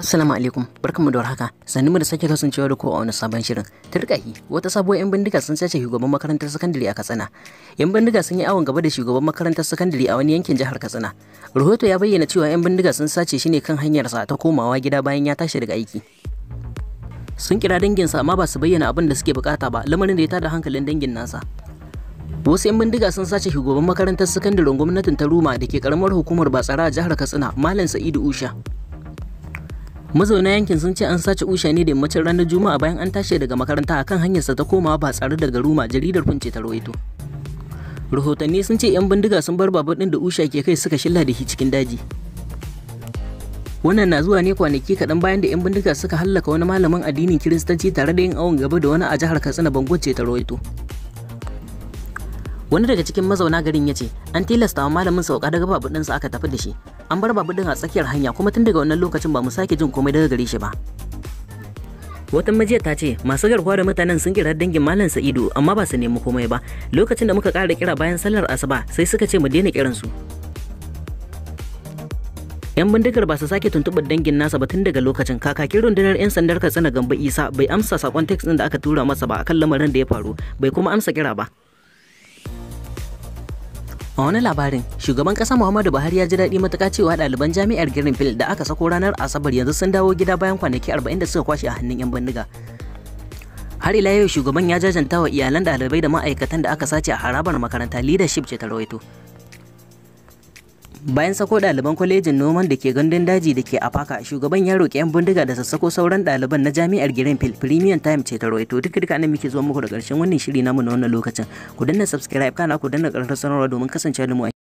Assalamu alaikum, barkanmu da warhaka. Sannu mu da sake kasancewa da ku a wani sabon shirin. Turkahi, wata sabuwar 'yan bindiga sun sace shugaban makarantar sakandare a Katsina. 'Yan bindiga sun yi awon gaba da shugaban makarantar sakandare a wani yankin jihar Katsina. Rahoto ya bayyana cewa 'yan bindiga sun sace shi ne kan hanyar sa ta komawa gida bayan ya tashi daga aiki. Sun kira danginsa amma ba su bayyana abin da suke bukata ba, lamarin da ya tada hankalin dangin nasa. Wasu 'yan bindiga sun sace shugaban makarantar sakandaren gwamnatin Taruma da ke karamar hukumar Batsara a jihar Katsina, Malam Sa'idu Usha. mazauna yankin sun ce an sace usha ne da yammacin ranar juma'a bayan an tashi daga makaranta akan hanyarsa ta komawa ba tsare da garuma jaridar kunce ta rawaito rahotanni sun ce 'yan bindiga sun bar Babban din da usha ke kai suka shilla da shi cikin daji wannan na zuwa ne kwanaki kaɗan bayan da 'yan bindiga suka hallaka wani malamin addinin kiristanci tare da yin awon gaba da wani a jihar katsina bangoce ta rawaito wani daga cikin mazauna garin ya ce an tilasta wa malamin sauka daga babur ɗinsa aka tafi da shi an bar Babu din a tsakiyar hanya kuma tun daga wannan lokacin ba mu sake jin komai daga gare shi ba wata majiya ta ce masu garkuwa da mutanen sun kira dangin malam sa'idu amma ba su nemi komai ba lokacin da muka ƙara kira bayan sallar asuba sai suka ce mu daina su yan bindigar ba su sake tuntuɓar dangin nasa ba tun daga lokacin kakakin rundunar yan sandar katsina Gambo isa bai amsa sakon text din da aka tura masa ba akan lamarin da ya faru bai kuma amsa kira ba A wani labarin, shugaban ƙasa Muhammadu Buhari ya ji daɗi matuƙa cewa ɗaliban jami'ar Greenfield da aka sako ranar Asabar yanzu sun dawo gida bayan kwanaki arba'in da suka kwashe a hannun 'yan bindiga. Har ila yau shugaban ya jajanta wa iyalan ɗalibai da ma'aikatan da aka sace a harabar makaranta leadership ce ta rawaito. bayan sako ɗaliban kwalejin noman da ke gandun daji da ke afaka shugaban ya roƙi 'yan bindiga da sassako sauran ɗaliban na jami'ar greenfield premium time ce ta rawaito duk duka nan muke zuwa muku da ƙarshen wannan shiri namu na wannan lokacin ku danna subscribe kana ku danna ƙarfin sanarwa domin kasancewa da mu